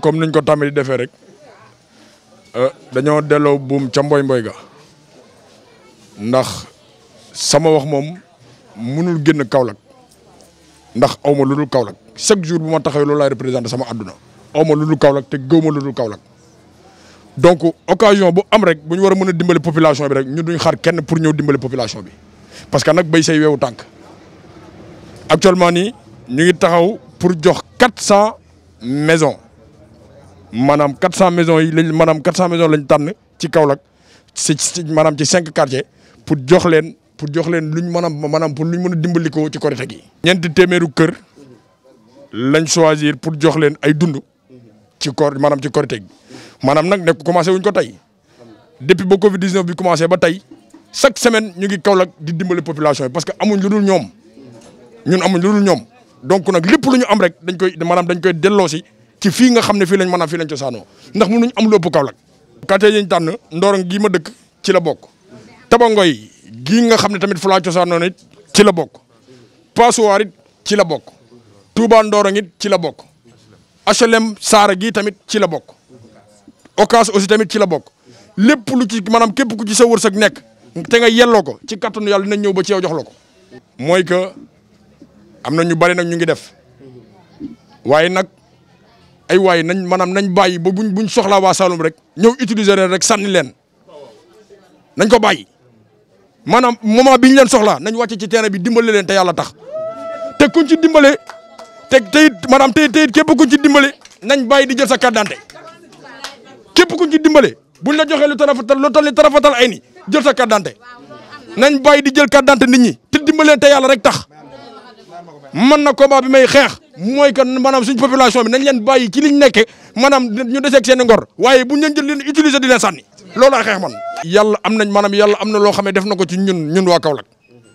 comme niñ ko tàmm di defee rek euh, dañoo delloo buum ca mboy mboy ga ndax sama wax moom mënul génn Kaolack ndax aw ma lu dul Kaolack chaque jour bu ma taxawee loolu laay représenté sama adduna aw ma lu dul Kaolack te gëw ma lu dul Kaolack donc occasion bu am rek bu ñu war a mën a dimbali population bi rek ñun duñ xaar kenn pour ñëw dimbali population bi parce que nag bay say weewu tànk actuellement nii ñu ngi taxaw pour jox quatre cent maisons manam 400 maisons yi manam 400 maisons lañ tànn ci Kaolack si manam ci 5 quartiers pour jox leen pour jox leen luñ manam a pour luñ mën dimbaliko ci Korité gi. ñent téméru kër lañ choisir pour jox leen ay dund ci kor manam ci Korité gi maanaam nag nekk commencé wuñ ko tay depuis ba Covid 19 bi commencé ba tay chaque semaine ñu ngi Kaolack di dimbali population parce que amuñ lu ñom ñun amuñ lu ñom donc nak lepp luñu am rek dañ koy manam dañ koy delloosi. ci fii nga xam ne fii lañ mën a fii lañ cosaanoo ndax mu mënuñ am lu ëpp Kaolack quartier yi ñu tànn Ndorong gii ma dëkk ci la bokk Tabangoy gii nga xam ne tamit fu laa cosaanoo it ci la bokk Passoir ci la bokk Touba Ndorong it ci la bokk HLM Saara gii tamit ci la bokk okaas aussi tamit ci la bokk lépp lu ci maanaam képp ku ci sa wërsëg nekk te nga yelloo ko ci kattanu yàlla dinañ ñëw ba ci yow jox la ko mooy que am na ñu bari nag ñu ngi def waaye nag ay waaye nañ maanaam nañ bàyyi ba buñ buñ soxlaa waa Saloum rek ñëw utiliser rek sànni leen nañ ko bàyyi maanaam moment bi ñu leen soxlaa nañ wàcce ci terrain bi dimbale leen te yàlla tax te kuñ ci dimbale te teyit maanaam tey teyit képp ci dimbale nañ bàyyi di jël sa carte d'identité képp kuñ ci dimbale buñ la joxee lu tarafatal lu tali tarafatal ay ni jël sa carte nañ bàyyi di jël carte d'identité nit ñi te dimbale leen te yàlla rek tax man na combat bi may xeex moy kan manam suñ population bi nañ leen bayyi ci liñ nekk manam ñu ak seen ngor waye buñ leen jël leen utiliser di leen sànni loolu ay xeex man yalla am nañ manam yalla amna lo xamé def nako ci ñun ñun waa Kaolack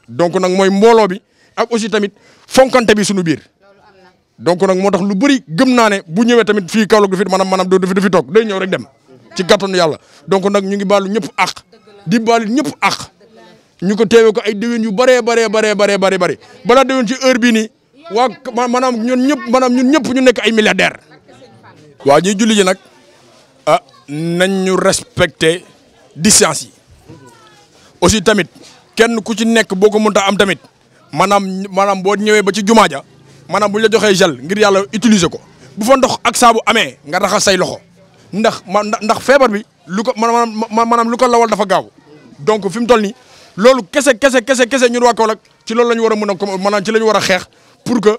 donc nak moy mbolo bi ak aussi tamit fonkante bi suñu biir donc nak motax lu bari gëm naa bu ñëwé tamit fi Kaolack du fi manam manam do fi tok day ñëw rek dem ci gàttanu yalla donc nak ñu ngi balu ñëpp ak di baalu ñëpp bare ñu ko bare ko ay bare yu bare bare bare bare bare bare bala déwén ci heure bi ni waa maanaam ñun ñëpp maanaam ñun ñëpp ñu nekk ay milliardaire waa ñuy julli ji nag a ah, nañ ñu respecté distance yi aussi tamit kenn ku ci nekk boo ko mënta am tamit maanaam maanaam boo ñëwee ba ci jumaa ja maanaam bu ñu la joxee gel ngir yàlla utiliser ko bu fa ndox ak saabu amee nga raxas say loxo ndax ma ndax feebar bi lu ko maanaam maanaam lu ko lawal dafa gaaw donc fi mu toll nii loolu kese kese kese ñu ñun waa Kaolack ci loolu la ñu war a mën a maanaam ci la ñu war a xeex pour que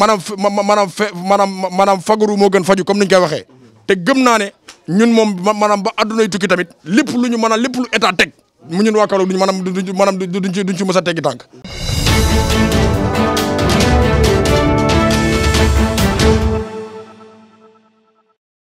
maanaam maanaam fe maanaam maanaam fagaru moo gën faju comme ni ñu koy waxee te gëm naa ne ñun moom maanaam ba addunay tukki tamit lépp lu ñu mën a lépp lu état teg mu ñun waa Kaolack duñ maanaam duñ maanaam duñ ci duñ ci mës a teggi tànk